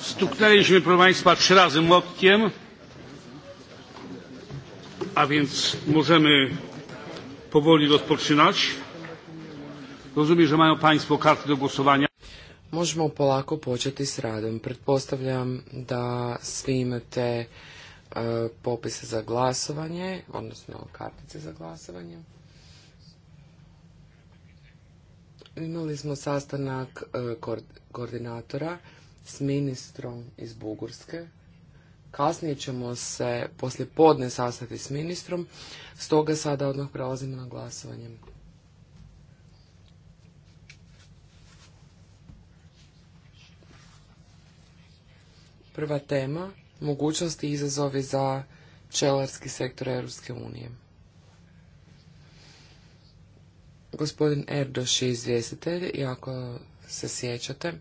Stuknęliśmy, proszę Państwa, trzy razy młotkiem, a więc możemy powoli rozpoczynać. Rozumiem, że mają Państwo karty do głosowania. Możemy polako početi s radem. Przedpostawiam, da svi imate e, popise za głosowanie, odnosno kartice za głosowanie. Imali smo sastanak e, koordinatora s ministrom iz Bugarske. Kasnije ćemo se poslije podne sastati s ministrom, stoga sada odmah prelazimo na glasovanje. Prva tema, mogućnosti i izazovi za čelarski sektor Europske unije. Gospodin Erdoš je izvjestitelj i ako se sjećate,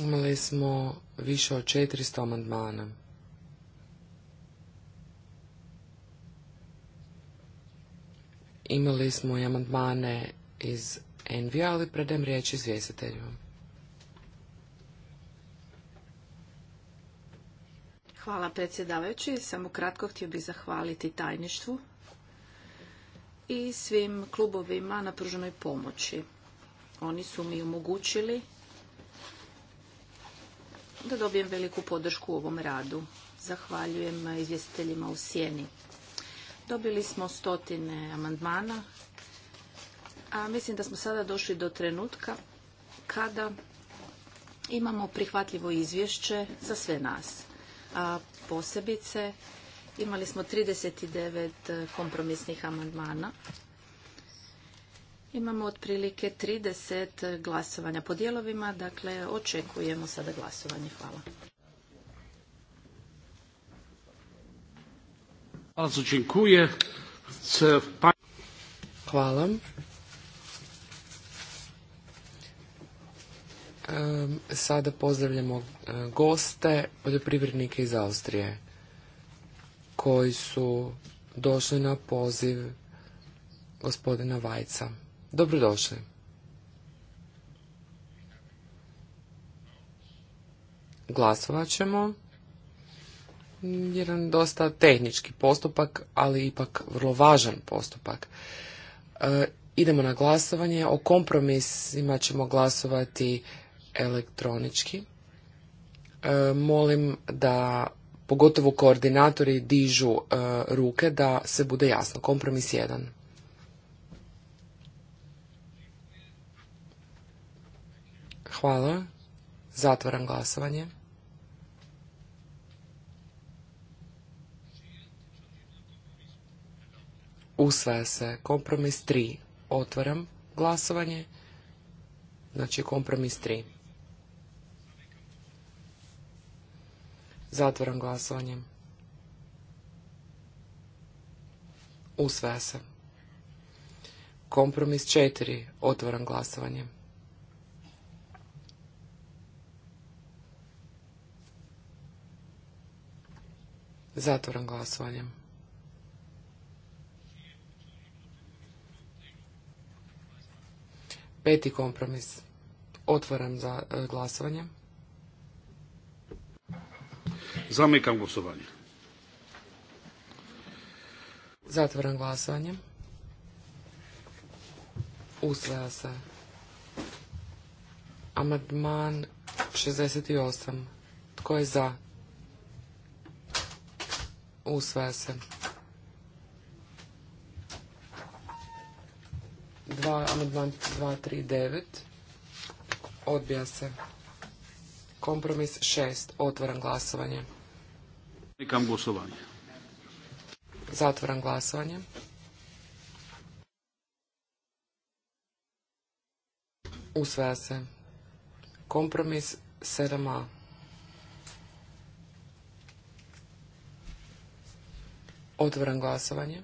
imali smo više od 400 amandmana. Imali smo i amandmane iz Envija, ali predajem riječ izvjestiteljima. Hvala predsjedavajući. Samo kratko htio bih zahvaliti tajništvu i svim klubovima na pruženoj pomoći. Oni su mi omogućili da dobijem veliku podršku u ovom radu. Zahvaljujem izvjestiteljima u Sjeni. Dobili smo stotine amandmana, a mislim da smo sada došli do trenutka kada imamo prihvatljivo izvješće za sve nas a posebice imali smo 39 e, kompromisnih amandmana. Imamo otprilike 30 e, glasovanja po dijelovima, dakle očekujemo sada glasovanje. Hvala. Pa- Hvala. Sada pozdravljamo e, goste, poljoprivrednike iz Austrije, koji su došli na poziv gospodina Vajca. Dobrodošli. Glasovat ćemo. Jedan dosta tehnički postupak, ali ipak vrlo važan postupak. E, idemo na glasovanje. O kompromisima ćemo glasovati elektronički. E, molim da pogotovo koordinatori dižu e, ruke da se bude jasno. Kompromis 1. Hvala. Zatvaram glasovanje. Usvaja se kompromis 3. Otvaram glasovanje. Znači kompromis 3. Zatvoran glasovanje. Usvaja se. Kompromis četiri. Otvoran glasovanje. Zatvoran glasovanjem. Peti kompromis. Otvaram za e, glasovanje. Zamykam głosowanie. Zatwieram głosowanie. Usvaja się. Amadman 68. Kto jest za? Usvaja się. Dwa, amadman 239. Odbija se. Kompromis 6. Otvaram glasovanje. Nikam glasovanje. zatvaram glasovanje. Usvaja se. Kompromis 7a. Otvoram glasovanje.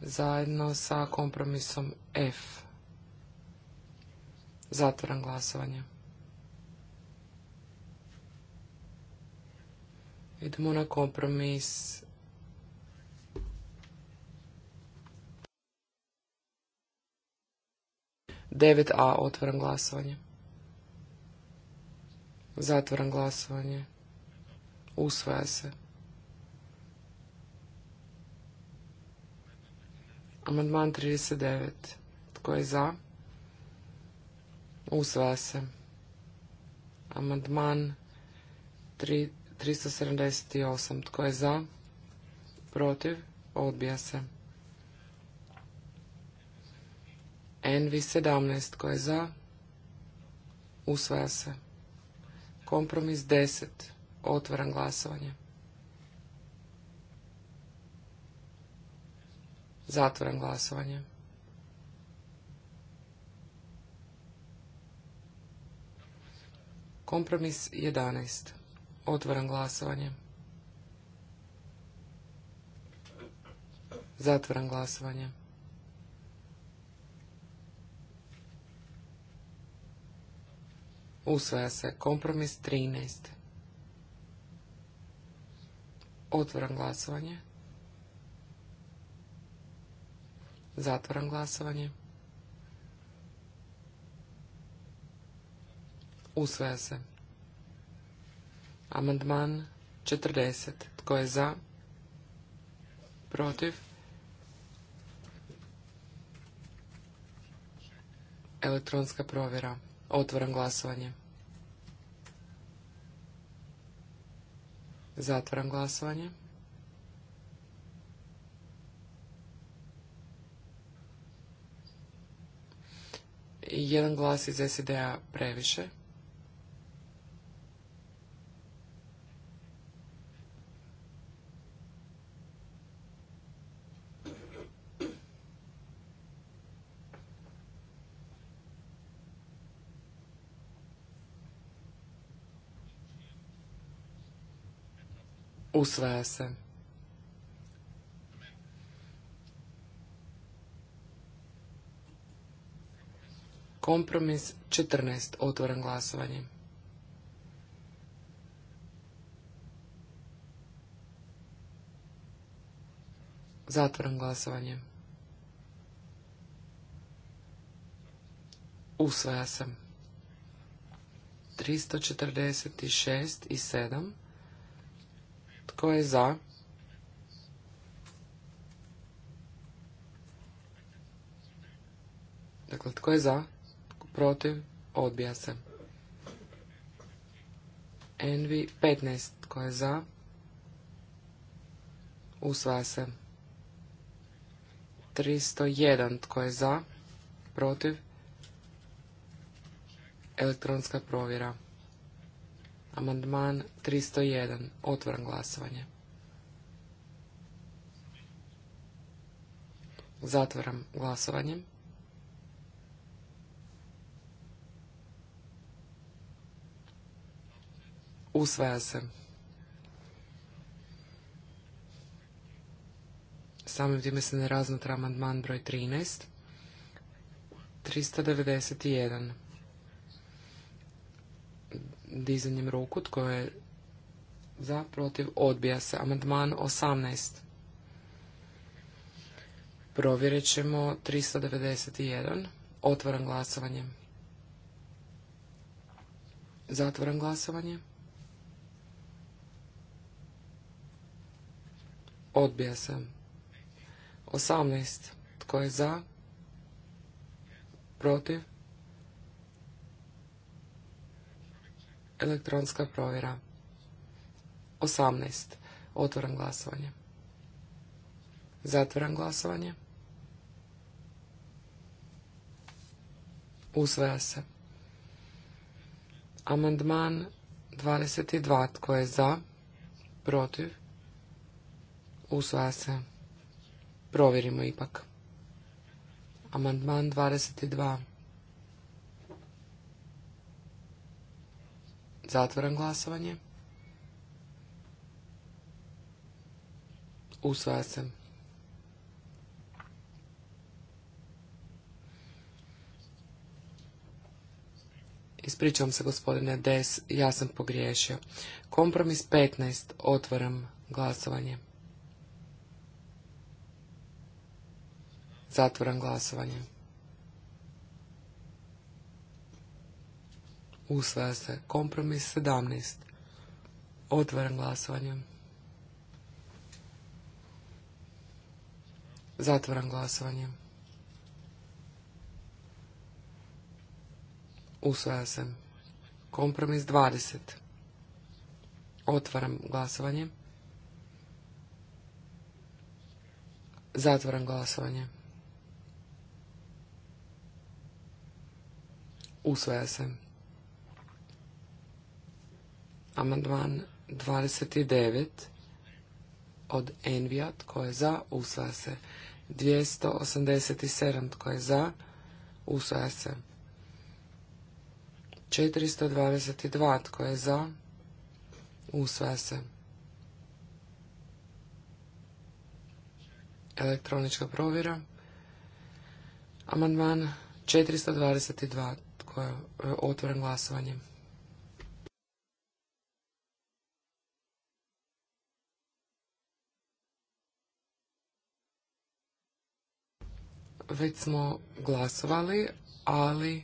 Zajedno sa kompromisom F. Zatvaram glasovanje. Idemo na kompromis. Devet A otvoram glasovanje. Zatvaram glasovanje. Usvaja se. Amandman 39. Tko je za? Usvaja se. Amandman 378. Tko je za? Protiv? Odbija se. Envi 17. Tko je za? Usvaja se. Kompromis 10. otvoran glasovanje. Zatvoren glasovanje. Kompromis 11. Otvaram glasovanje. Zatvaram glasovanje. Usvaja se kompromis 13. Otvaram glasovanje. Zatvaram glasovanje. usvaja se. Amandman 40. Tko je za? Protiv? Elektronska provjera. Otvaram glasovanje. Zatvaram glasovanje. Jedan glas iz SED-a previše. Usvaja se. Kompromis 14. Otvoren glasovanje. Zatvoren glasovanje. Usvaja sam. 346 i 7. Tko je za? Dakle, tko je za? Protiv? Odbija se. Envi 15. Tko je za? Usvaja se. 301. Tko je za? Protiv? Elektronska provjera. Amandman 301. Otvoram glasovanje. Zatvaram glasovanje. Usvaja se. Samim time se ne razmatra amandman broj 13. 391 dizanjem ruku. Tko je za, protiv, odbija se. Amandman 18. Provjerit ćemo 391. Otvaram glasovanje. Zatvaram glasovanje. Odbija se. 18. Tko je za? Protiv? elektronska provjera. 18. Otvoram glasovanje. Zatvoram glasovanje. Usvaja se. Amandman 22. Tko je za? Protiv? Usvaja se. Provjerimo ipak. Amandman 22. Zatvaram glasovanje. Usvaja se. Ispričavam se, gospodine Des, ja sam pogriješio. Kompromis 15. Otvaram glasovanje. Zatvaram glasovanje. usvaja se. Kompromis 17. Otvaram glasovanje. Zatvaram glasovanje. Usvaja se. Kompromis 20. Otvaram glasovanje. Zatvaram glasovanje. Usvaja se. Amandman 29 od Envija, tko je za, usvaja se. 287, tko je za, usvaja se. 422, tko je za, usvaja se. Elektronička provjera. Amandman 422, tko je e, otvoren glasovanjem. već smo glasovali, ali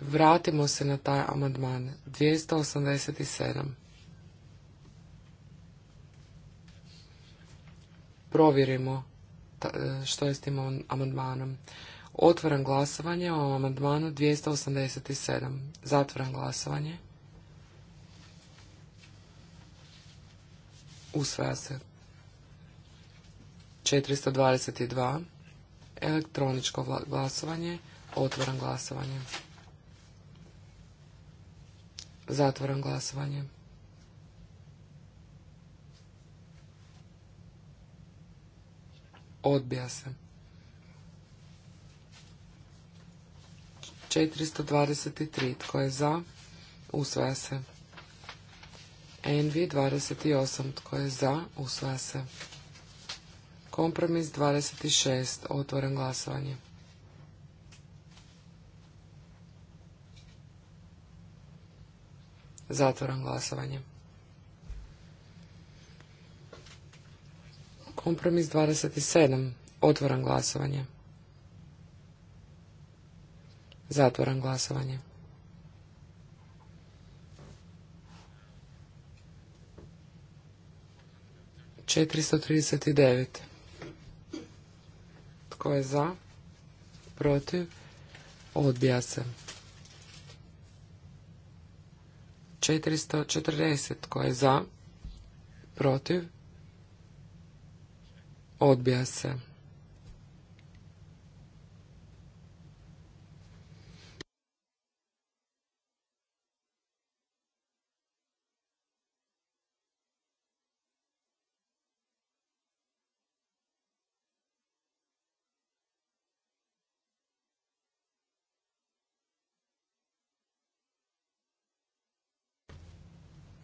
vratimo se na taj amandman 287. Provjerimo e, što je s tim amandmanom. Otvaram glasovanje o amandmanu 287. Zatvaram glasovanje. Usvaja se. 422. Elektroničko glasovanje. Otvaram glasovanje. Zatvaram glasovanje. Odbija se. 423. Tko je za? Usvaja se. Envi 28. Tko je za? Usvaja se. Kompromis 26. Otvoren glasovanje. Zatvoran glasovanje. Kompromis 27. Otvoren glasovanje. Zatvoren glasovanje. Četiristo trideset devet tko je za? Protiv? Odbija se. 440. Tko je za? Protiv? Odbija se.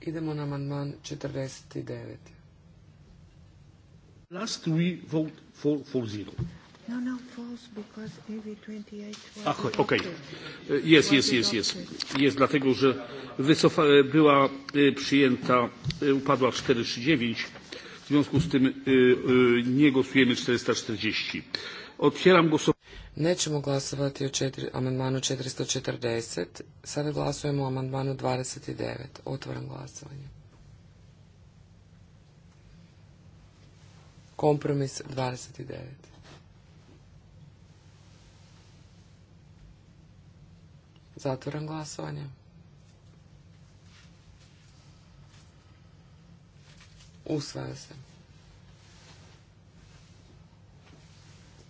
Idemo na amandman 49. Last we vote for, for zero. No, no, false, because AV28 was... Ach, okej. Jest, jest, jest, jest. Jest, dlatego, że wycofa, e, była e, przyjęta, e, upadła 439, w związku z tym nie głosujemy 440. Otwieram głosowanie. Nećemo glasovati o amandmanu amandmanu 440. Sada glasujemo o amandmanu 29. Otvaram glasovanje. Kompromis 29. Zatvoram glasovanje. Usvaja se.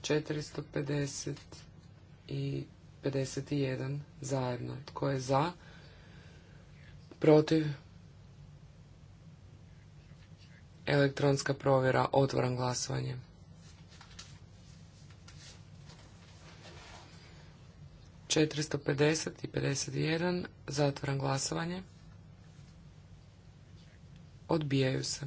450 i 51 zajedno. Tko je za? Protiv? Elektronska provjera. otvoran glasovanje. Četiristo pedeset i pedeset jedan. zatvoran glasovanje. Odbijaju se.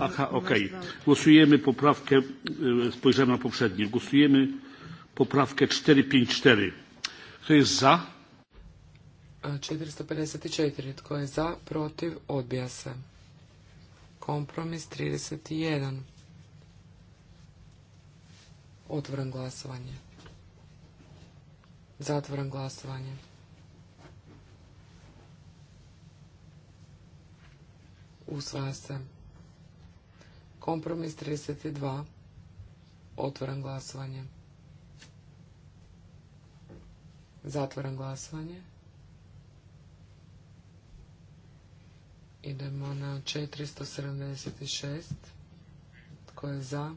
Aha, okej. Głosujemy poprawkę, e, spojrzałem na poprzednie. Głosujemy poprawkę 454. Kto jest za? 454. E, Kto jest za? Protiv? Odbija se. Kompromis 31. Otvoram glasovanje. Zatvoram glasovanje. Usvaja se. Kompromis 32. Otvoram glasovanje. Zatvoram glasovanje. Idemo na 476. Tko je za?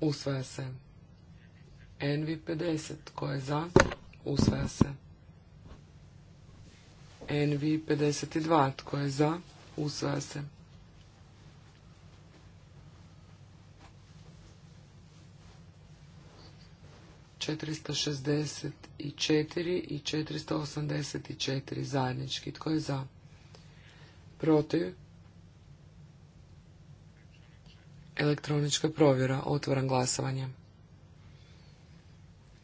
Usvaja se. nv 50. Tko je za? Usvaja se. NV 52. Tko je za? Usvaja se. Četiristo i 484 zajednički. Tko je za? Protiv? Elektronička provjera. Otvoram glasovanje.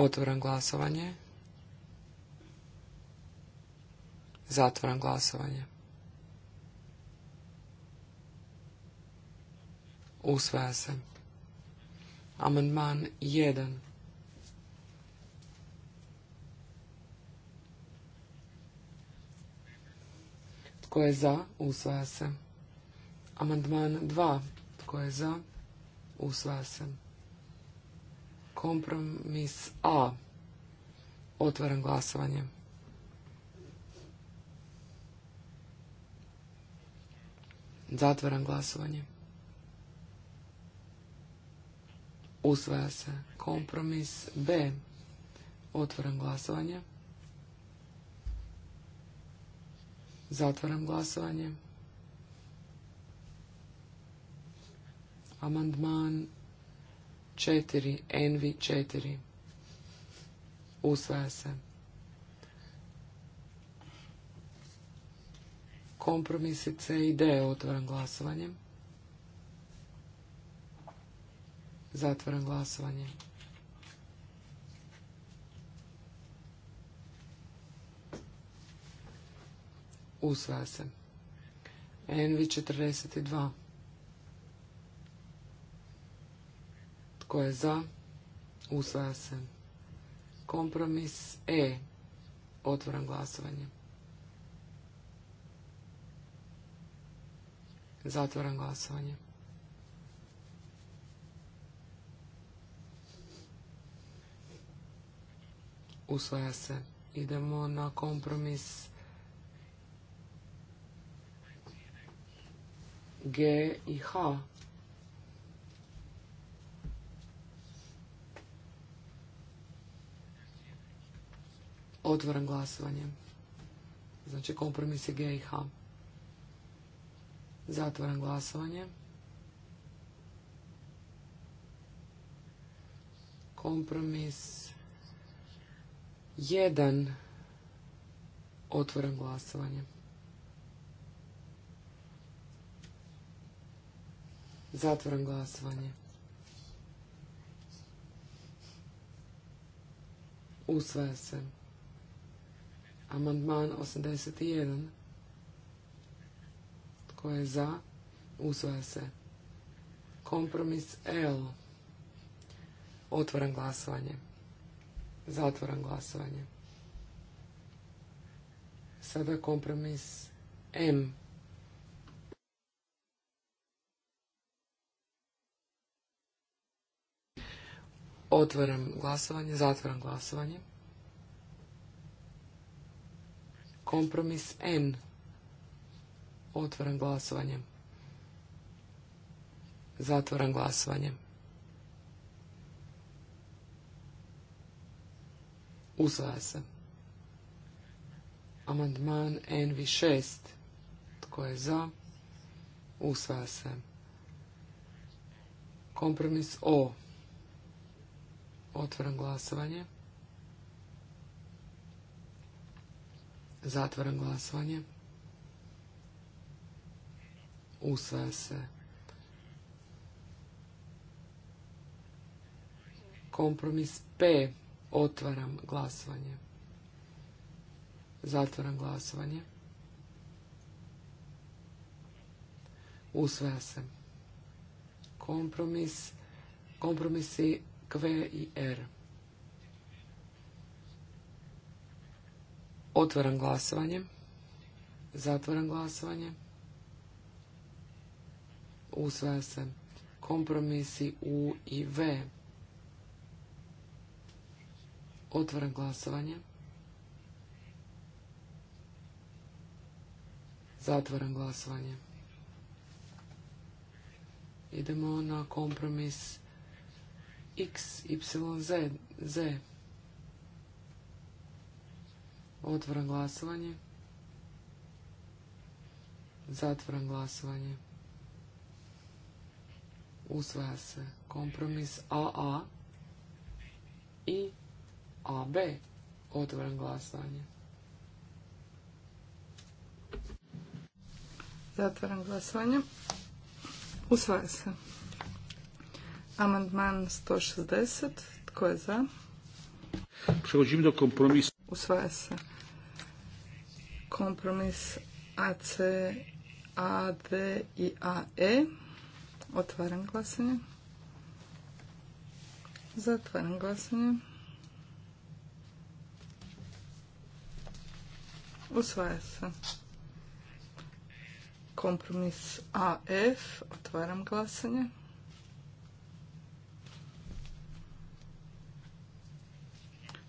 Otvoram glasovanje. Zatvoram glasovanje. Usvaja se. Amandman 1. Tko je za? Usvaja se. Amandman 2. Tko je za? Usvaja se kompromis A. Otvaram glasovanje. Zatvaram glasovanje. Usvaja se kompromis B. Otvaram glasovanje. Zatvaram glasovanje. Amandman 4, Envi 4. Usvaja se. Kompromisi C i D otvoram glasovanjem. Zatvoram glasovanje. Usvaja se. Envi 42. Tko je za? Usvaja se. Kompromis E. Otvoram glasovanje. Zatvoram glasovanje. Usvaja se. Idemo na kompromis G i H. Otvoren glasovanje. Znači kompromis je G i glasovanje. Kompromis Jedan. Otvoren glasovanje. Zatvoren glasovanje. Usvaja se. Amandman 81. Tko je za? Usvaja se. Kompromis L. Otvoran glasovanje. Zatvoran glasovanje. Sada kompromis M. Otvaram glasovanje, zatvaram glasovanje. Kompromis N. Otvoran glasovanje. Zatvoran glasovanje. Usvaja se. Amandman NV6. Tko je za? Usvaja se. Kompromis O. Otvoran glasovanje. Zatvaram glasovanje. Usvaja se. Kompromis P. Otvaram glasovanje. Zatvaram glasovanje. Usvaja se. Kompromis, kompromisi Q i R. Otvaram glasovanje. zatvoren glasovanje. Usvaja se kompromisi U i V. Otvoren glasovanje. zatvoren glasovanje. Idemo na kompromis X, Y, Z. Z. Otvaram glasovanje. Zatvaram glasovanje. Usvaja se kompromis AA i AB. Otvoren glasovanje. Zatvaram glasovanje. Usvaja se. Amandman 160. Tko je za? do Usvaja se. Kompromis AC, AD i AE. Otvaram glasanje. Zatvaram glasanje. Usvaja se. Kompromis AF. Otvaram glasanje.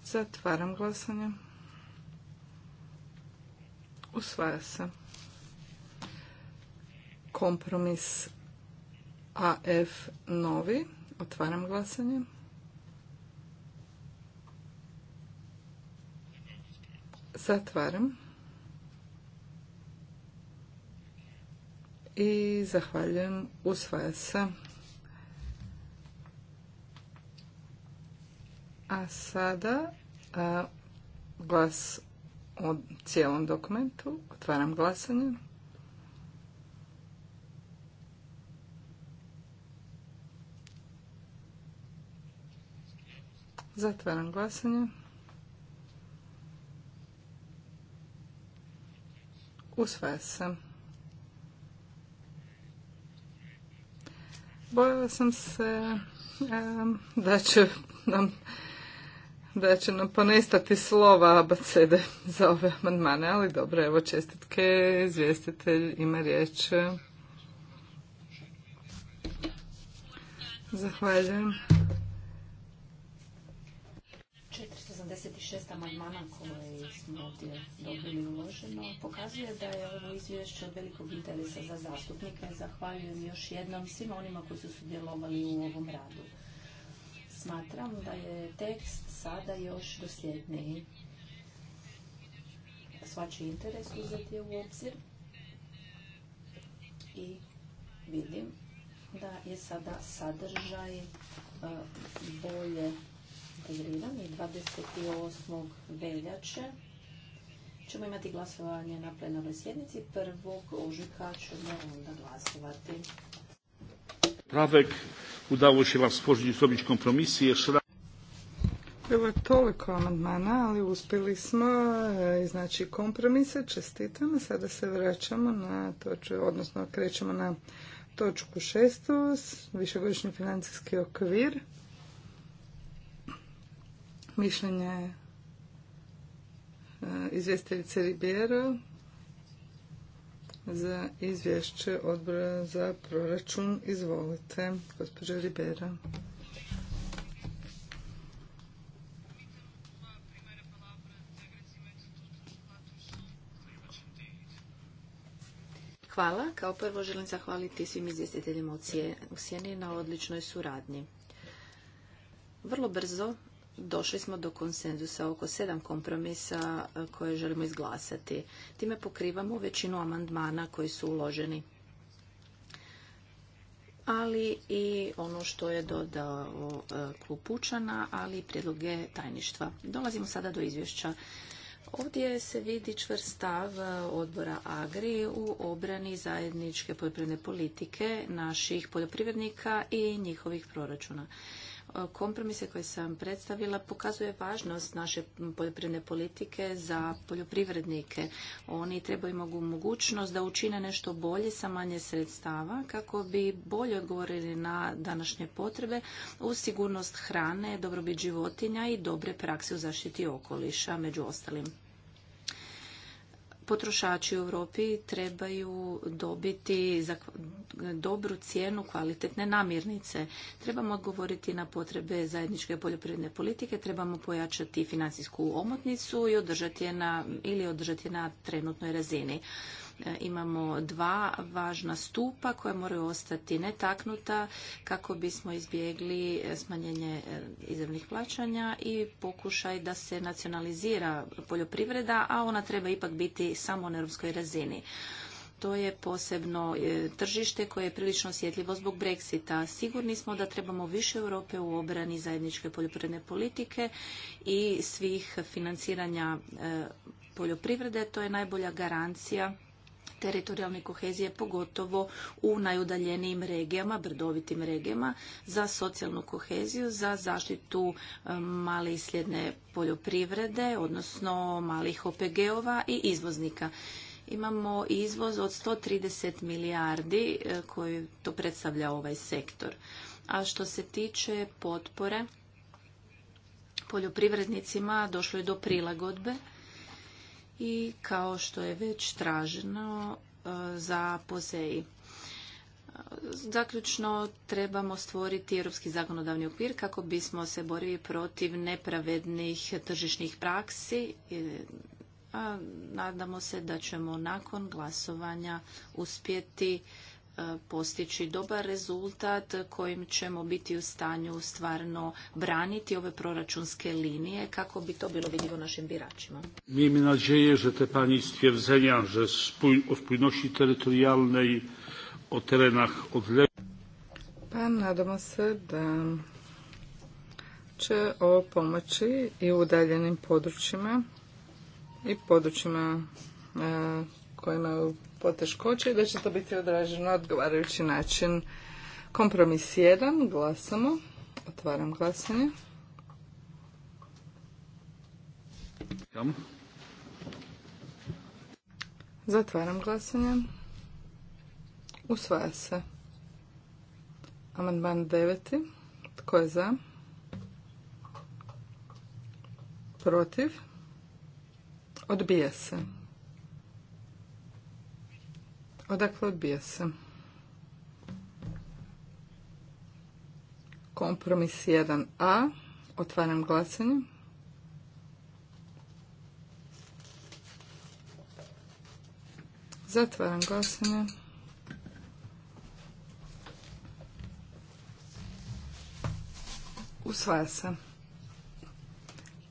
Zatvaram glasanje. Usvaja se. Kompromis AF novi. Otvaram glasanje. Zatvaram. I zahvaljujem. Usvaja se. A sada glas o cijelom dokumentu. Otvaram glasanje. Zatvaram glasanje. Usvaja se. Bojala sam se da će nam da će nam ponestati slova abacede za ove amandmane, ali dobro, evo čestitke, izvjestitelj ima riječ. Zahvaljujem. 476. amandmana koje smo ovdje dobili uloženo pokazuje da je ovo izvješće od velikog interesa za zastupnike. Zahvaljujem još jednom svima onima koji su sudjelovali u ovom radu. Smatram da je tekst sada još dosljedniji. će interes uzeti u obzir i vidim da je sada sadržaj e, bolje integriran i 28. veljače ćemo imati glasovanje na plenarnoj sjednici. Prvog ožujka ćemo onda glasovati poprawek. Udało się Wam stworzyć, zrobić kompromisy. Jeszcze raz. Bilo je toliko amandmana, ali uspjeli smo e, iznaći kompromise. Čestitam. Sada se vraćamo na točku, odnosno krećemo na točku šestu, višegodišnji financijski okvir. Mišljenje e, izvjestiteljice Ribiero za izvješće odbora za proračun. Izvolite, gospođa Ribera. Hvala. Kao prvo želim zahvaliti svim izvjestiteljima u Sjeni na odličnoj suradnji. Vrlo brzo došli smo do konsenzusa oko sedam kompromisa e, koje želimo izglasati. Time pokrivamo većinu amandmana koji su uloženi. Ali i ono što je dodao e, klub Pučana, ali i prijedloge tajništva. Dolazimo sada do izvješća. Ovdje se vidi čvrst stav e, odbora Agri u obrani zajedničke poljoprivredne politike naših poljoprivrednika i njihovih proračuna kompromise koje sam predstavila pokazuje važnost naše poljoprivredne politike za poljoprivrednike. Oni trebaju mogu mogućnost da učine nešto bolje sa manje sredstava kako bi bolje odgovorili na današnje potrebe u sigurnost hrane, dobrobit životinja i dobre prakse u zaštiti okoliša među ostalim potrošači u Europi trebaju dobiti za dobru cijenu kvalitetne namirnice. Trebamo odgovoriti na potrebe zajedničke poljoprivredne politike, trebamo pojačati financijsku omotnicu i održati je na, ili održati je na trenutnoj razini. E, imamo dva važna stupa koja moraju ostati netaknuta kako bismo izbjegli e, smanjenje e, izravnih plaćanja i pokušaj da se nacionalizira poljoprivreda, a ona treba ipak biti samo na europskoj razini to je posebno tržište koje je prilično osjetljivo zbog Brexita. Sigurni smo da trebamo više Europe u obrani zajedničke poljoprivredne politike i svih financiranja poljoprivrede. To je najbolja garancija teritorijalne kohezije, pogotovo u najudaljenijim regijama, brdovitim regijama, za socijalnu koheziju, za zaštitu e, male i sljedne poljoprivrede, odnosno malih OPG-ova i izvoznika. Imamo izvoz od 130 milijardi e, koji to predstavlja ovaj sektor. A što se tiče potpore poljoprivrednicima, došlo je do prilagodbe i kao što je već traženo e, za pozeji. E, zaključno trebamo stvoriti europski zakonodavni okvir kako bismo se borili protiv nepravednih tržišnih praksi. E, nadamo se da ćemo nakon glasovanja uspjeti E, postići dobar rezultat kojim ćemo biti u stanju stvarno braniti ove proračunske linije kako bi to bilo vidljivo našim biračima. mi nadzieję, že te pani że o terytorialnej, o terenach odległych... Pa nadamo se da će o pomoći i udaljenim područjima i područjima e, koji imaju poteškoće i da će to biti odraženo na odgovarajući način. Kompromis 1, glasamo. Otvaram glasanje. Zatvaram glasanje. Usvaja se. Amandman 9. Tko je za? Protiv? Odbija se. Odakle odbija se? Kompromis 1a. Otvaram glasanje. Zatvaram glasanje. Usvaja se.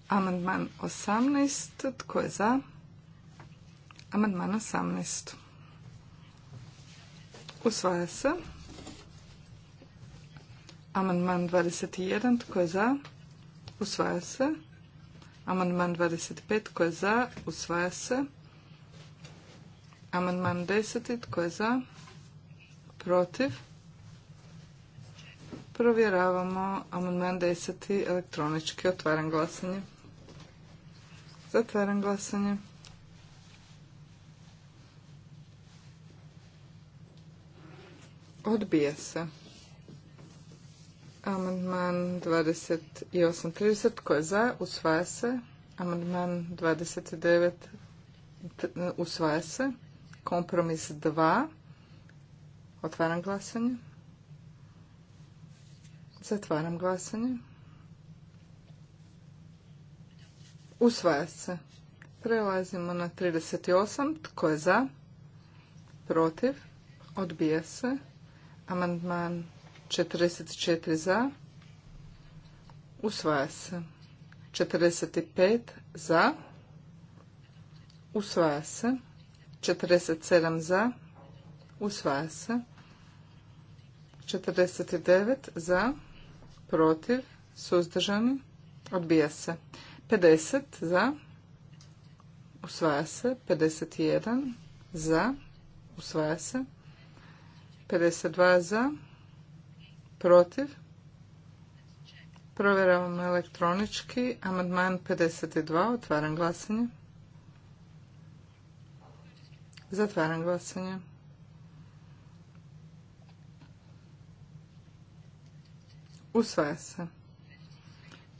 Amandman 18. Tko je za? Amandman 18. Usvaja se. Amandman 21. Tko je za? Usvaja se. Amandman 25. Tko je za? Usvaja se. Amandman 10. Tko je za? Protiv? Provjeravamo amandman 10. elektronički. Otvaram glasanje. Zatvaram glasanje. Odbija se. Amandman 28.30. Tko je za? Usvaja se. Amandman 29. Usvaja se. Kompromis 2. Otvaram glasanje. Zatvaram glasanje. Usvaja se. Prelazimo na 38. Tko je za? Protiv? Odbija se. Amandman 44 za. Usvaja se. 45 za. Usvaja se. 47 za. Usvaja se. 49 za. Protiv. Suzdržani. Odbija se. 50 za. Usvaja se. 51 za. Usvaja se. 52 za, protiv. Provjeravamo elektronički. Amandman 52. Otvaram glasanje. Zatvaram glasanje. Usvaja se.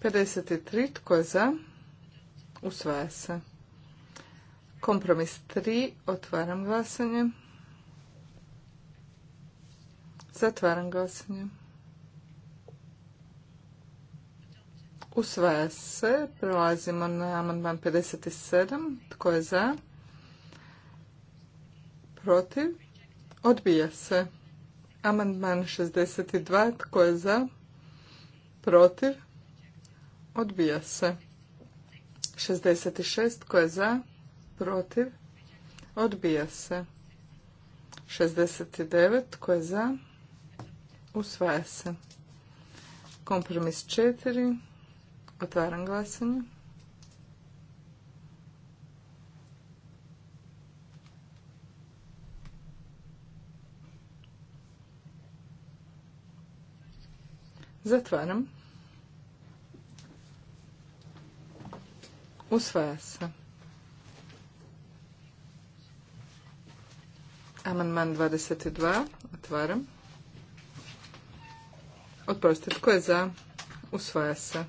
53. Tko je za? Usvaja se. Kompromis 3. Otvaram glasanje. Zatvaram glasanje. Usvaja se. Prelazimo na amandman 57. Tko je za? Protiv? Odbija se. Amandman 62. Tko je za? Protiv? Odbija se. 66. Tko je za? Protiv? Odbija se. 69. Tko je za? Usvaja se. Kompromis četiri. Otvaram glasanje. Zatvaram. Usvaja se. Amandman 22. Otvaram. Oprostite, tko je za? Usvaja se.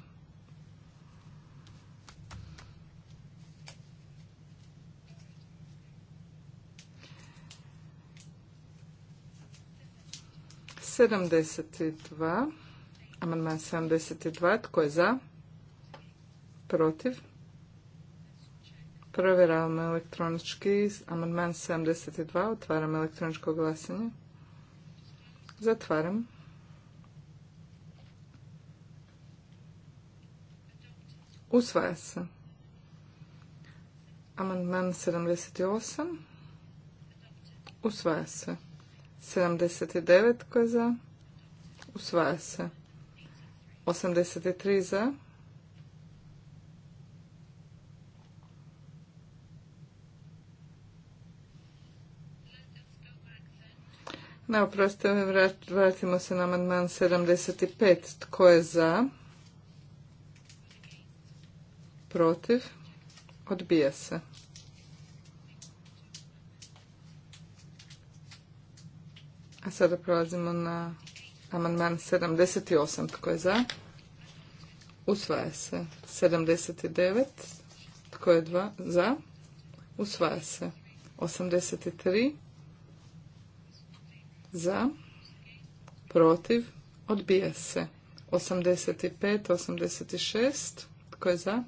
Amandman 72. Tko je za? Protiv? Provjeravamo elektronički. Amandman 72. Otvaram elektroničko glasanje. Zatvaram. Usvaja se. Amandman 78. Usvaja se. 79 koje je za? Usvaja se. 83 za. Ne, vratimo se na amandman 75. Tko je za? protiv, odbija se. A sada prolazimo na amandman 78. Tko je za? Usvaja se. 79. Tko je dva? za? Usvaja se. 83. Za. Protiv. Odbija se. 85. 86. Tko je za?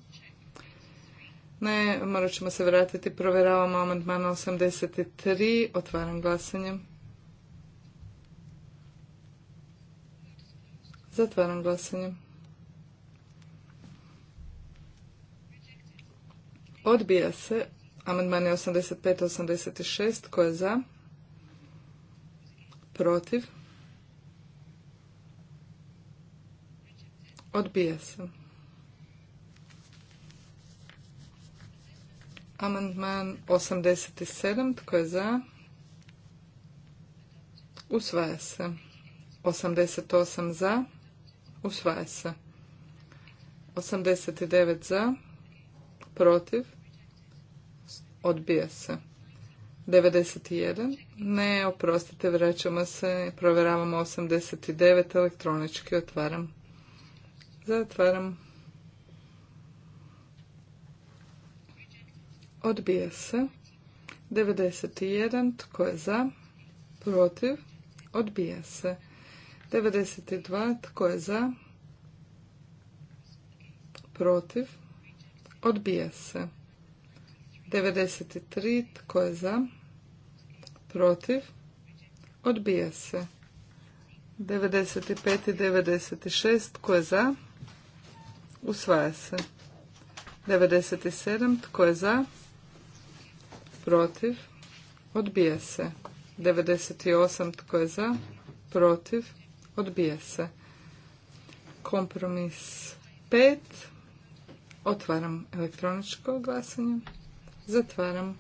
Ne, morat ćemo se vratiti. Provjeravamo amandman 83. Otvaram glasanje. Zatvaram glasanje. Odbija se. Amandman je 85, 86. Tko je za? Protiv? Odbija se. Amandman 87. Tko je za? Usvaja se. 88 za. Usvaja se. 89 za. Protiv. Odbija se. 91. Ne, oprostite, vraćamo se. Provjeravamo 89 elektronički. Otvaram. Zatvaram. Odbija se. 91. Tko je za? Protiv? Odbija se. 92. Tko je za? Protiv? Odbija se. 93. Tko je za? Protiv? Odbija se. 95 i 96. Tko je za? Usvaja se. 97. Tko je za? Protiv? protiv, odbija se. 98 tko je za, protiv, odbija se. Kompromis 5. Otvaram elektroničko glasanje. Zatvaram.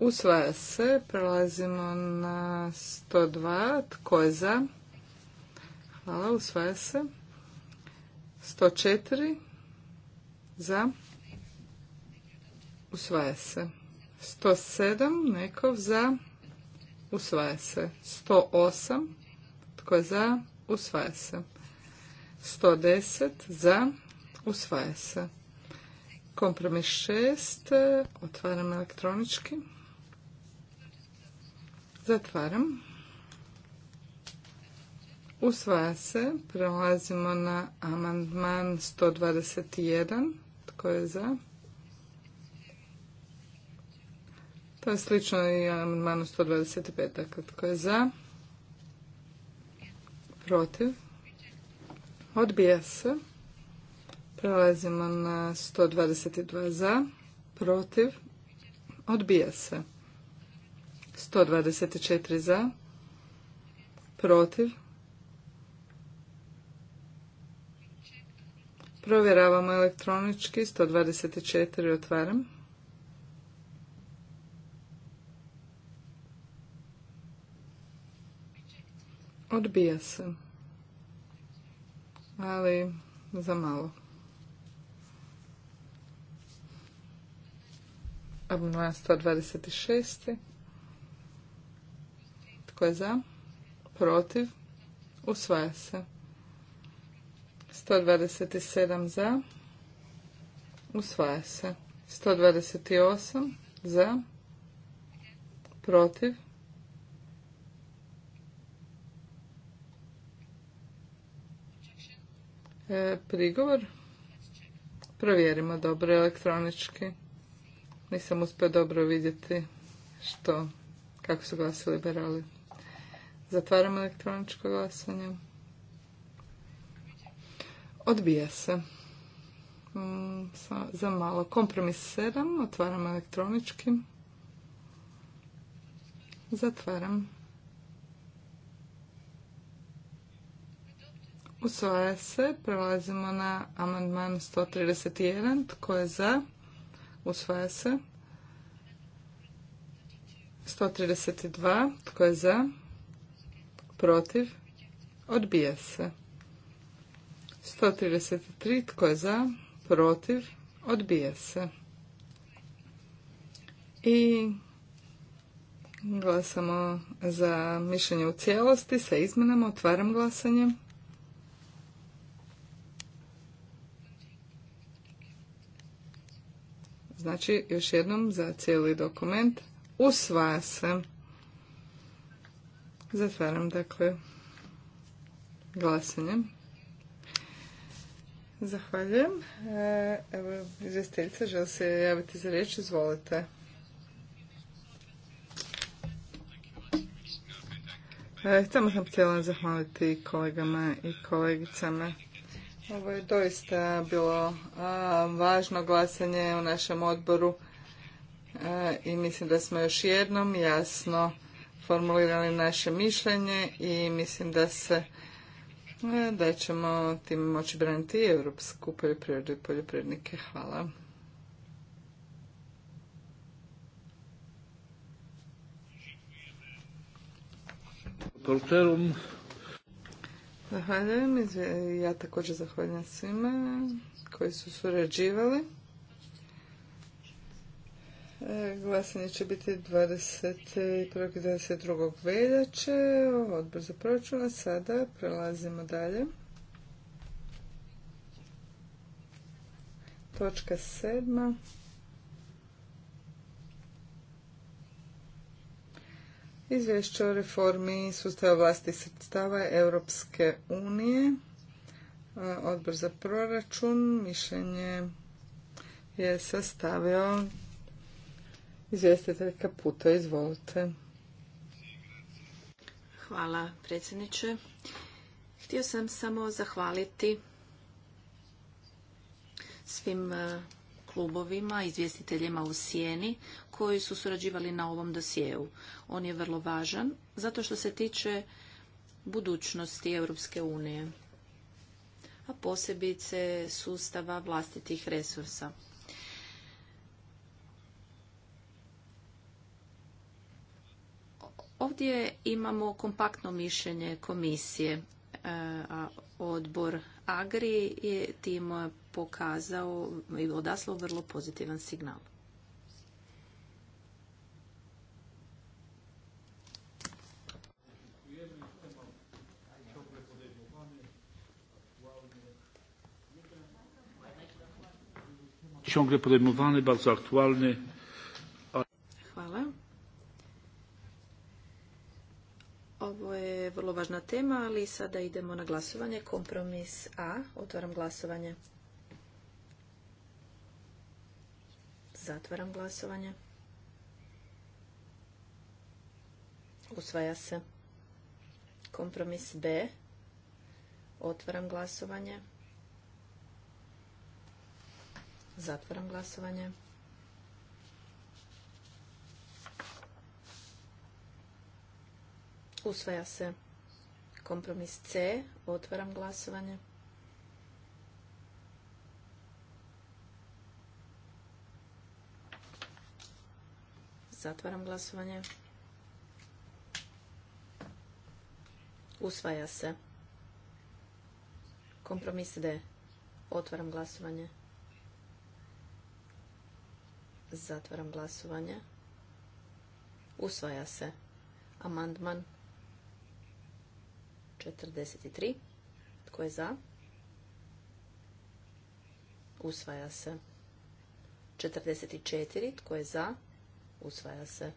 Usvaja se. Prelazimo na 102. Tko je za? Hvala, usvaja se. 104 za, usvaja se. 107, Nekov za, usvaja se. 108, tko je za, usvaja se. 110, za, usvaja se. Kompromis 6, otvaram elektronički. Zatvaram. Usvaja se. Prelazimo na amandman 121. Tko je za? To je slično i amandmanu 125. Dakle, tko je za? Protiv? Odbija se. Prelazimo na 122 za. Protiv? Odbija se. 124 za. Protiv? Provjeravamo elektronički, 124 otvaram. Odbija se. Ali za malo. Abonman 126. Tko je za? Protiv? Usvaja se. 127 za. Usvaja se. 128 za. Protiv. E, prigovor. Provjerimo dobro elektronički. Nisam uspio dobro vidjeti što, kako su glasili liberali. Zatvaram elektroničko glasanje. Odbija se. Mm, za malo. Kompromis 7. Otvaram elektronički. Zatvaram. Usvaja se. Prelazimo na amandman 131. Tko je za? Usvaja se. 132. Tko je za? Protiv? Odbija se. 133. Tko je za? Protiv? Odbija se. I glasamo za mišljenje u cijelosti sa izmenama. Otvaram glasanje. Znači, još jednom za cijeli dokument. Usvaja se. Zatvaram, dakle, glasanje. Zahvaljujem. E, evo, izvjestiteljica želi se javiti za riječ. Izvolite. Samo e, sam htjela zahvaliti kolegama i kolegicama. Ovo je doista bilo važno glasanje u našem odboru e, i mislim da smo još jednom jasno formulirali naše mišljenje i mislim da se E, da ćemo tim moći braniti europsku poljoprivredu i poljoprivrednike. Hvala. Zahvaljujem. Ja također zahvaljujem svima koji su surađivali. Glasanje će biti 21. i 22. veljače, odbor za proračun, sada prelazimo dalje. Točka sedma. Izvješće o reformi sustava vlasti i sredstava Europske unije. Odbor za proračun, mišljenje je sastavio Izvjestitelj Kaputo, izvolite. Hvala predsjedniče. Htio sam samo zahvaliti svim e, klubovima, izvjestiteljima u Sijeni koji su surađivali na ovom dosjeu. On je vrlo važan zato što se tiče budućnosti Europske unije, a posebice sustava vlastitih resursa. Ovdje imamo kompaktno mišljenje komisije, e, a odbor Agri je tim e, pokazao i odaslao vrlo pozitivan signal. ciągle podejmowany, bardzo aktualny. vrlo važna tema, ali sada idemo na glasovanje. Kompromis A. Otvaram glasovanje. Zatvaram glasovanje. Usvaja se. Kompromis B. Otvaram glasovanje. Zatvaram glasovanje. Usvaja se. Kompromis C. Otvaram glasovanje. Zatvaram glasovanje. Usvaja se. Kompromis D. Otvaram glasovanje. Zatvaram glasovanje. Usvaja se. Amandman 43. Tko je za? Usvaja se. 44. Tko je za? Usvaja se.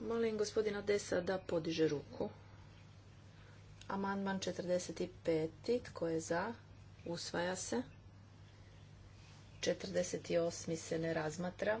Molim gospodina Desa da podiže ruku. Amandman 45. Tko je za? Usvaja se. 48. se ne razmatra.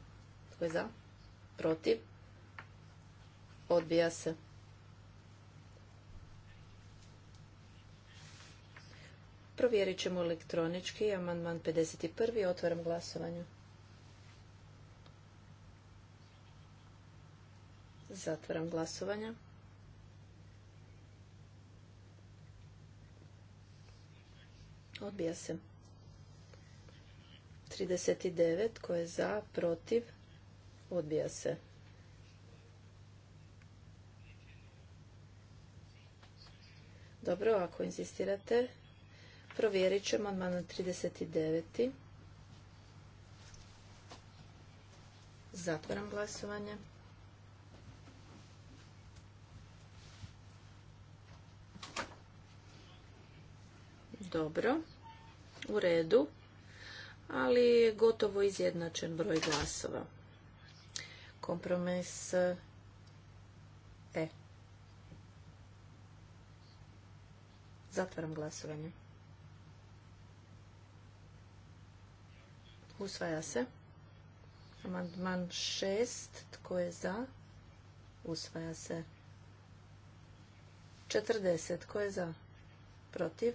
Tko je za? Protiv? Odbija se. Provjerit ćemo elektronički. Amandman 51. Otvaram glasovanje. Zatvaram glasovanje. Odbija se. 39. Ko je za, protiv, Odbija se. Dobro, ako insistirate, provjerit ćemo odmah na 39. Zatvaram glasovanje. Dobro, u redu, ali gotovo izjednačen broj glasova. Kompromis E. Zatvaram glasovanje. Usvaja se. Amandman šest Tko je za? Usvaja se. Četrdeset Tko je za? Protiv?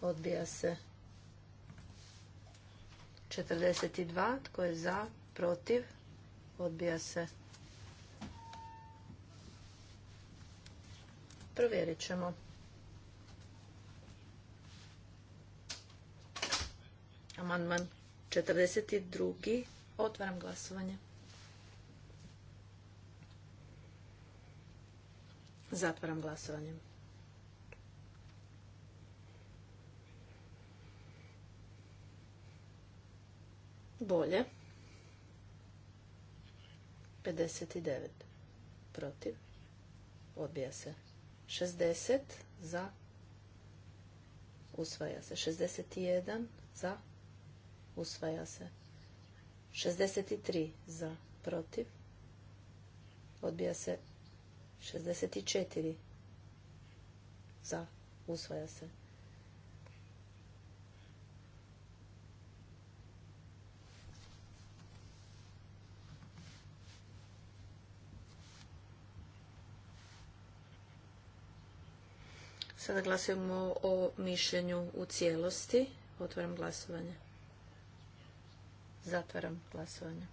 Odbija se. Četrdeset dva Tko je za? Protiv? odbija se. Provjerit ćemo. Amandman 42. Otvaram glasovanje. Zatvaram glasovanje. Bolje. 69 protiv. Odbija se. 60 za. Usvaja se. 61 za. Usvaja se. 63 za. Protiv. Odbija se. 64 za. Usvaja se. Sada glasujemo o mišljenju u cijelosti. Otvaram glasovanje. Zatvaram glasovanje.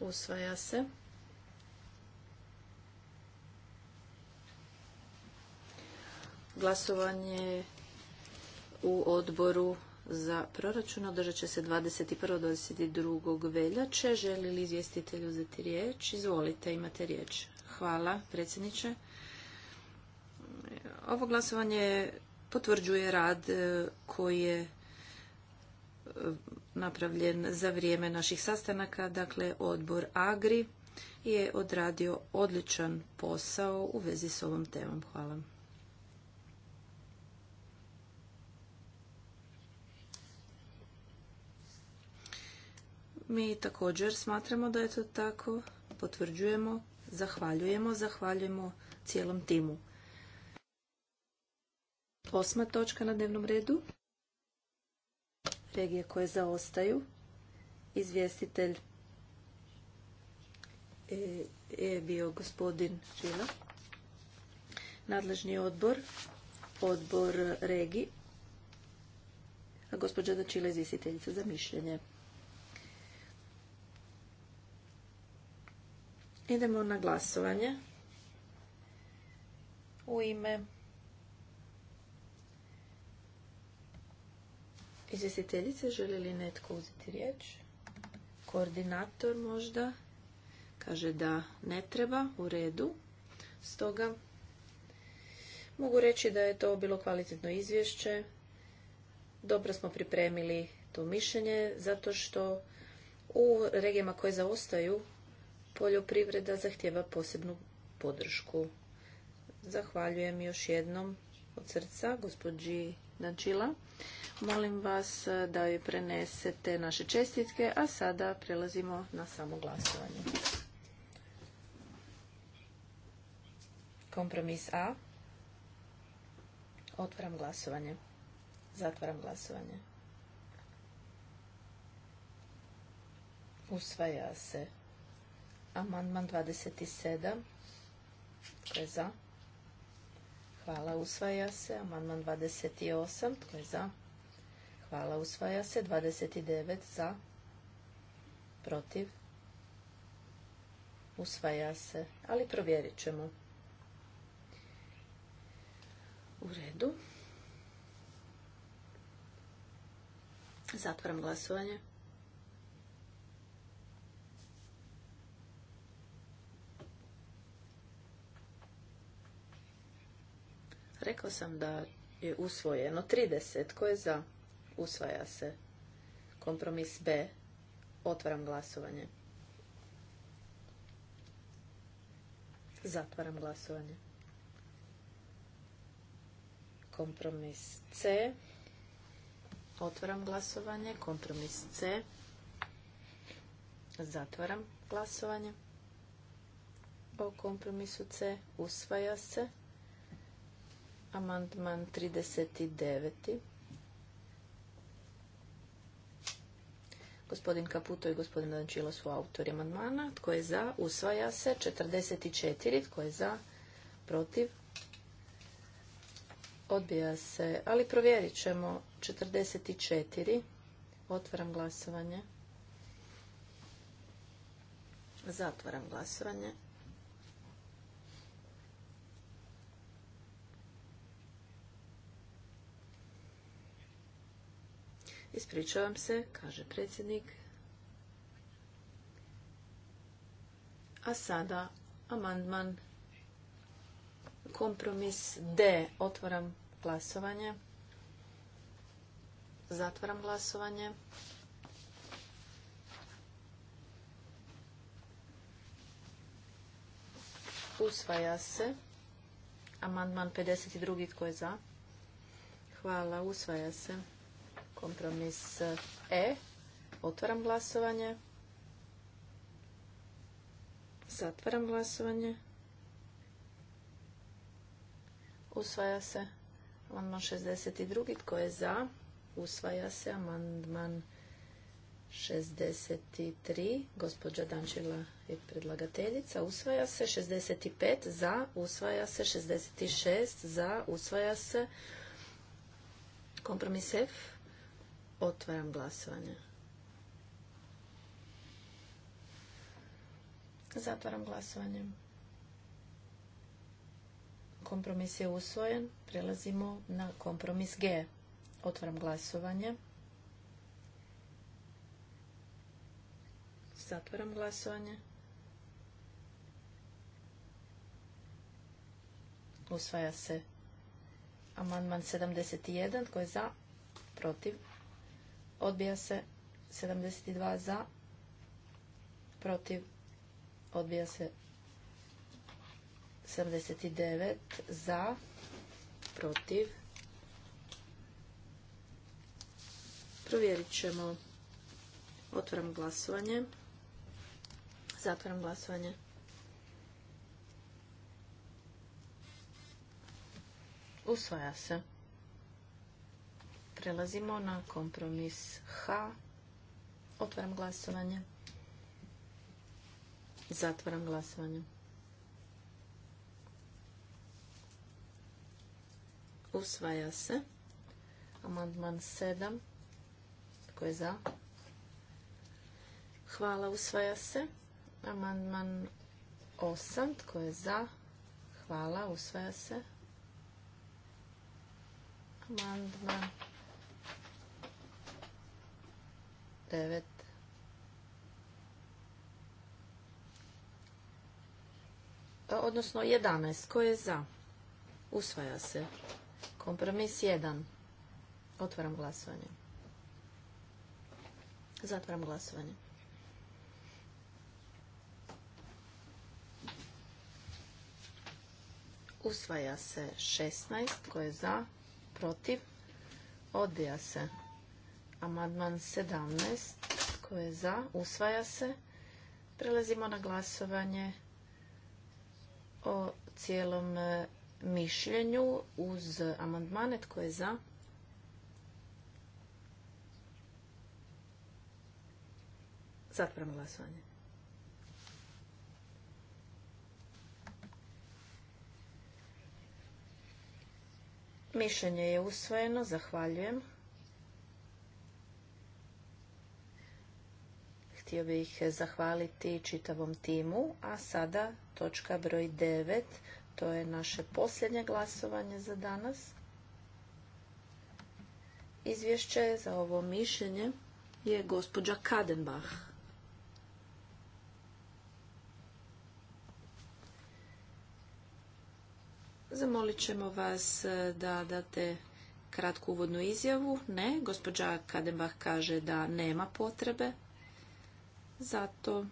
Usvaja se. Glasovanje u odboru za proračun održat će se 21. 22. veljače. Želi li izvjestitelj uzeti riječ? Izvolite, imate riječ. Hvala, predsjedniče. Ovo glasovanje potvrđuje rad e, koji je e, napravljen za vrijeme naših sastanaka. Dakle, odbor Agri je odradio odličan posao u vezi s ovom temom. Hvala. Mi također smatramo da je to tako, potvrđujemo, zahvaljujemo, zahvaljujemo cijelom timu. Osma točka na dnevnom redu. Regije koje zaostaju. Izvjestitelj e, je bio gospodin Žila. Nadležni odbor, odbor regi, a gospođa Dačila izvjestiteljica za mišljenje. Idemo na glasovanje. U ime izvjestiteljice želi li netko uzeti riječ? Koordinator možda kaže da ne treba u redu. Stoga mogu reći da je to bilo kvalitetno izvješće. Dobro smo pripremili to mišljenje zato što u regijama koje zaostaju poljoprivreda zahtjeva posebnu podršku. Zahvaljujem još jednom od srca gospođi načila. Molim vas da joj prenesete naše čestitke, a sada prelazimo na samo glasovanje. Kompromis A. Otvaram glasovanje. Zatvaram glasovanje. Usvaja se. Amandman 27. Tko je za? Hvala, usvaja se. Amandman 28. Tko je za? Hvala, usvaja se. 29. Za? Protiv? Usvaja se. Ali provjerit ćemo. U redu. Zatvaram glasovanje. Rekla sam da je usvojeno 30. Ko je za? Usvaja se. Kompromis B. Otvaram glasovanje. Zatvaram glasovanje. Kompromis C. Otvaram glasovanje. Kompromis C. Zatvaram glasovanje. O kompromisu C usvaja se. Amandman 39. Gospodin Kaputo i gospodin Dančilo su autori amandmana. Tko je za? Usvaja se. 44. Tko je za? Protiv? Odbija se. Ali provjerit ćemo. 44. Otvaram glasovanje. Zatvaram glasovanje. Ispričavam se, kaže predsjednik. A sada amandman kompromis D. Otvaram glasovanje. Zatvaram glasovanje. Usvaja se. Amandman 52. Tko je za? Hvala. Usvaja se. Kompromis E. Otvaram glasovanje. Zatvaram glasovanje. Usvaja se amandman 62. Tko je za? Usvaja se amandman 63. Gospođa Dančila je predlagateljica. Usvaja se 65. Za. Usvaja se 66. Za. Usvaja se kompromis F. Otvaram glasovanje. Zatvaram glasovanje. Kompromis je usvojen. Prelazimo na kompromis G. Otvaram glasovanje. Zatvaram glasovanje. Usvaja se amandman 71. Tko je za? Protiv? Odbija se 72 za. Protiv. Odbija se 79 za. Protiv. Provjerit ćemo. Otvaram glasovanje. Zatvaram glasovanje. Usvaja se. Prelazimo na kompromis H. Otvaram glasovanje. Zatvaram glasovanje. Usvaja se. Amandman 7. Tko je za? Hvala, usvaja se. Amandman 8. Tko je za? Hvala, usvaja se. Amandman devet e, Odnosno 11. Ko je za? Usvaja se. Kompromis 1. Otvaram glasovanje. Zatvaram glasovanje. Usvaja se 16. Ko je za? Protiv? Odbija se. Amandman 17. Tko je za? Usvaja se. Prelazimo na glasovanje o cijelom e, mišljenju uz amandmane. Tko je za? Zatvaram glasovanje. Mišljenje je usvojeno. Zahvaljujem. Htio bih zahvaliti čitavom timu, a sada točka broj 9, to je naše posljednje glasovanje za danas. Izvješće za ovo mišljenje je gospođa Kadenbach. Zamolit ćemo vas da date kratku uvodnu izjavu. Ne, gospođa Kadenbach kaže da nema potrebe. Zato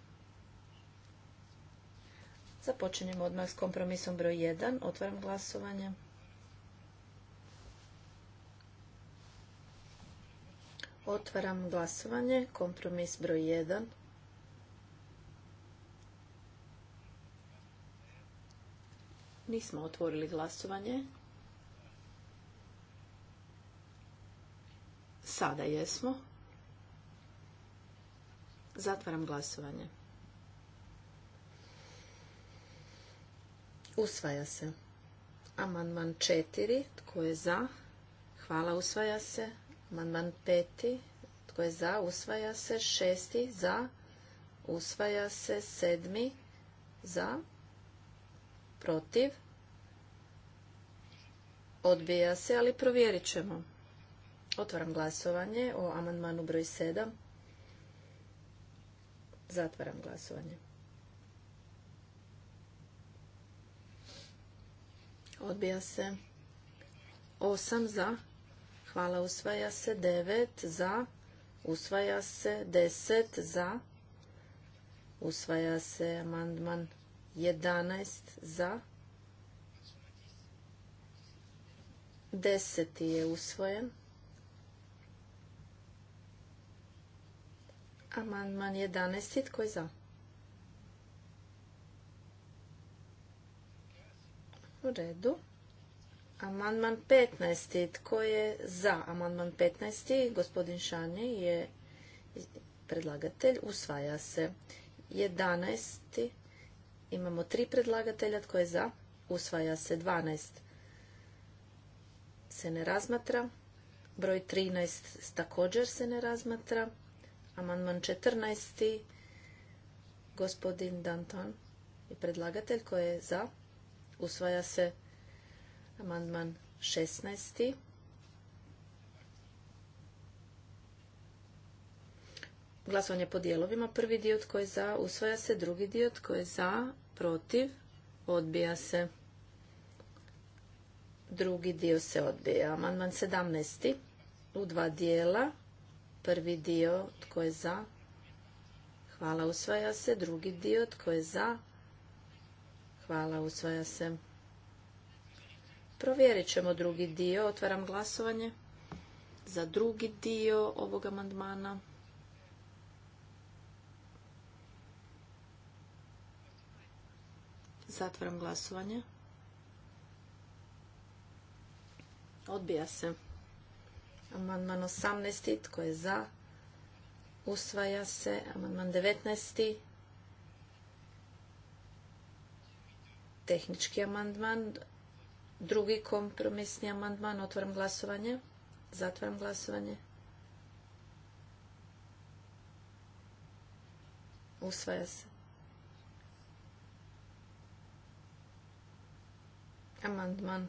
započinjemo odmah s kompromisom broj 1. Otvaram glasovanje. Otvaram glasovanje. Kompromis broj 1. Nismo otvorili glasovanje. Sada jesmo. Zatvaram glasovanje. Usvaja se. Amandman četiri, Tko je za? Hvala, usvaja se. Amandman peti, Tko je za? Usvaja se. Šesti, Za? Usvaja se. Sedmi, Za? Protiv? Odbija se, ali provjerit ćemo. Otvaram glasovanje o amandmanu broj 7. Zatvaram glasovanje. Odbija se 8 za. Hvala, usvaja se 9 za. Usvaja se 10 za. Usvaja se amandman 11 za. 10 je usvojen. Amandman 11. Tko je za? U redu. Amandman 15. Tko je za? Amandman 15. Gospodin Šanje je predlagatelj. Usvaja se. 11. Imamo tri predlagatelja. Tko je za? Usvaja se. 12. Se ne razmatra. Broj 13 također se ne razmatra. Amandman 14. Gospodin Danton je predlagatelj koji je za. Usvaja se amandman 16. Glasovanje po dijelovima. Prvi dio tko je za, usvaja se. Drugi dio tko je za, protiv, odbija se. Drugi dio se odbija. Amandman 17. U dva dijela. Prvi dio tko je za? Hvala usvaja se. Drugi dio tko je za? Hvala usvaja se. Provjerit ćemo drugi dio. Otvaram glasovanje za drugi dio ovog amandmana. Zatvaram glasovanje. Odbija se. Amandman 18. Tko je za? Usvaja se. Amandman 19. Tehnički amandman. Drugi kompromisni amandman. Otvaram glasovanje. Zatvaram glasovanje. Usvaja se. Amandman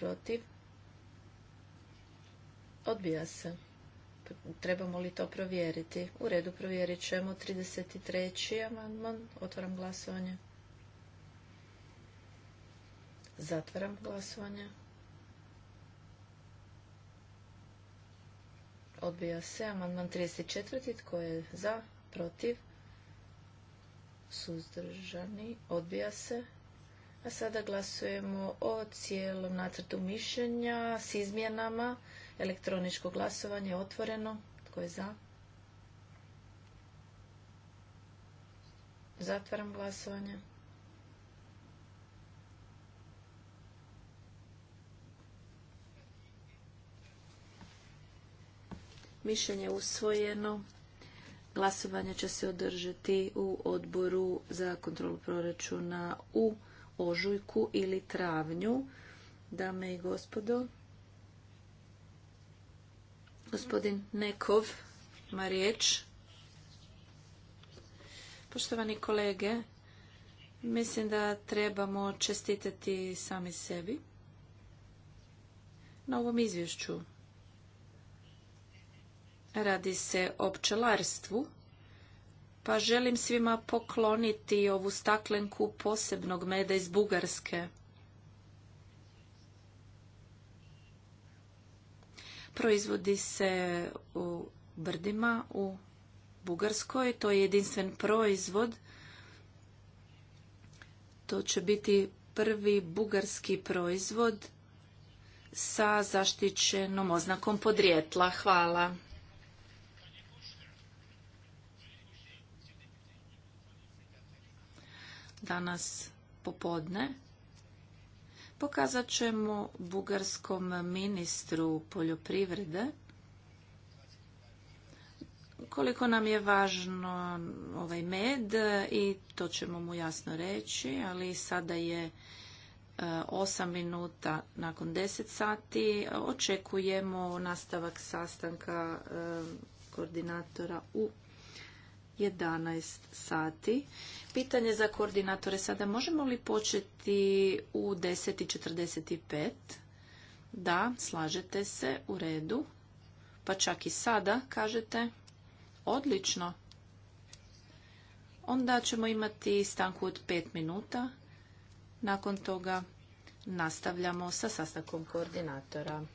protiv, odbija se. Trebamo li to provjeriti? U redu provjerit ćemo 33. amandman. Otvaram glasovanje. Zatvaram glasovanje. Odbija se amandman 34. Tko je za? Protiv? Suzdržani? Odbija se. A sada glasujemo o cijelom nacrtu mišljenja s izmjenama. Elektroničko glasovanje je otvoreno. Tko je za? Zatvaram glasovanje. Mišljenje usvojeno. Glasovanje će se održati u odboru za kontrolu proračuna u ožujku ili travnju. Dame i gospodo, gospodin Nekov ima riječ. Poštovani kolege, mislim da trebamo čestitati sami sebi na ovom izvješću. Radi se o pčelarstvu pa želim svima pokloniti ovu staklenku posebnog meda iz Bugarske. Proizvodi se u brdima u Bugarskoj. To je jedinstven proizvod. To će biti prvi bugarski proizvod sa zaštićenom oznakom podrijetla. Hvala. danas popodne pokazat ćemo bugarskom ministru poljoprivrede koliko nam je važno ovaj med i to ćemo mu jasno reći, ali sada je 8 e, minuta nakon 10 sati. Očekujemo nastavak sastanka e, koordinatora u 11 sati. Pitanje za koordinatore sada. Možemo li početi u 10.45? Da, slažete se, u redu. Pa čak i sada, kažete. Odlično. Onda ćemo imati stanku od 5 minuta. Nakon toga nastavljamo sa sastakom koordinatora.